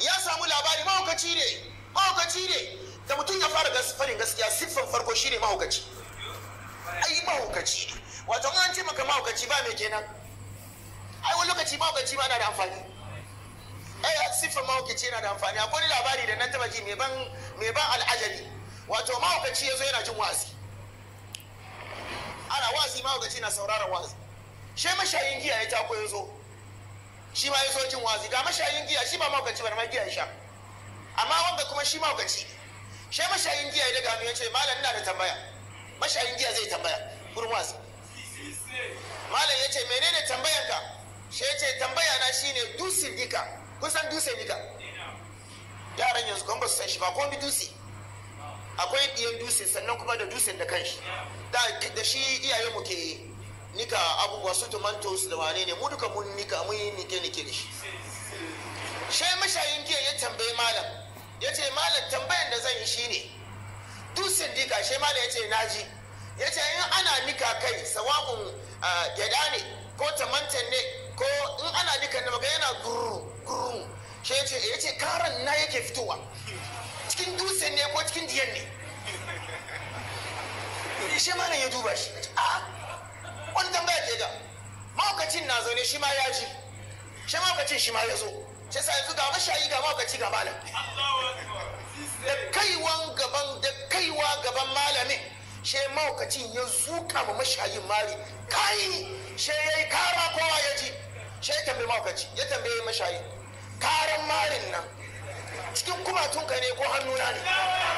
ya samu labari mahaukaci ne mahaukaci ne da mutum ya fara farin gaskiya siffan farko shine mahaukaci ai mahaukaci ne wato an ce maka mahaukaci ba mai kenan ai wani lokaci mahaukaci ba na da amfani ai eh, siffan mahaukaci yana da amfani akwai labari da na taba ji mai ban mai ban al'ajabi wato mahaukaci zo yana jin wazi ana wazi mahaukaci na sauraron wazi shi mashayin giya ya tako zo shi ma ya so jin wazi ga mashayin giya shi ba maukaci bane ma giya sha amma wanda kuma shi maukaci shi mashayin giya ya daga hannu ya ce malam ina da tambaya mashayin giya zai tambaya gurin wazi malam ya ce menene ka shi ya ce tambaya na shine dusi dika kun san dusi dika yaran yanzu kan ba su san shi ba ko bi dusi akwai diyan dusi sannan kuma da dusin da kanshi da shi iyayen mu ke yi nika abubuwa su tomatoes da wane ne mu duka mun nika mun yi nike nike da shi shai mashayin giya ya tambayi malam ya ce malam tambayan da zan yi ne. duk sindika shai malam ya ce naji ya ce in ana nika kai sawa'un gyada ne ko tamantan ne ko in ana nika na maga yana gurru gurru shi ya ce ya ce karan na yake fitowa cikin dutsen ne ko cikin diyan ne shi malam ya duba shi a tambaya ke da mahaukacin na zaune shi ma ya ji shi mahaukacin shi ma ya zo shi sa yanzu ga mashayi ga mawakaci ga malam da kaiwan gaban da kaiwa gaban malamin she mahaukacin ya zuka ma mashayin mari kai she ya yi kara kowa ya ji she ya tambayi mawakaci ya tambayi mashayi karan marin nan cikin kumatunka ne ko hannuna ne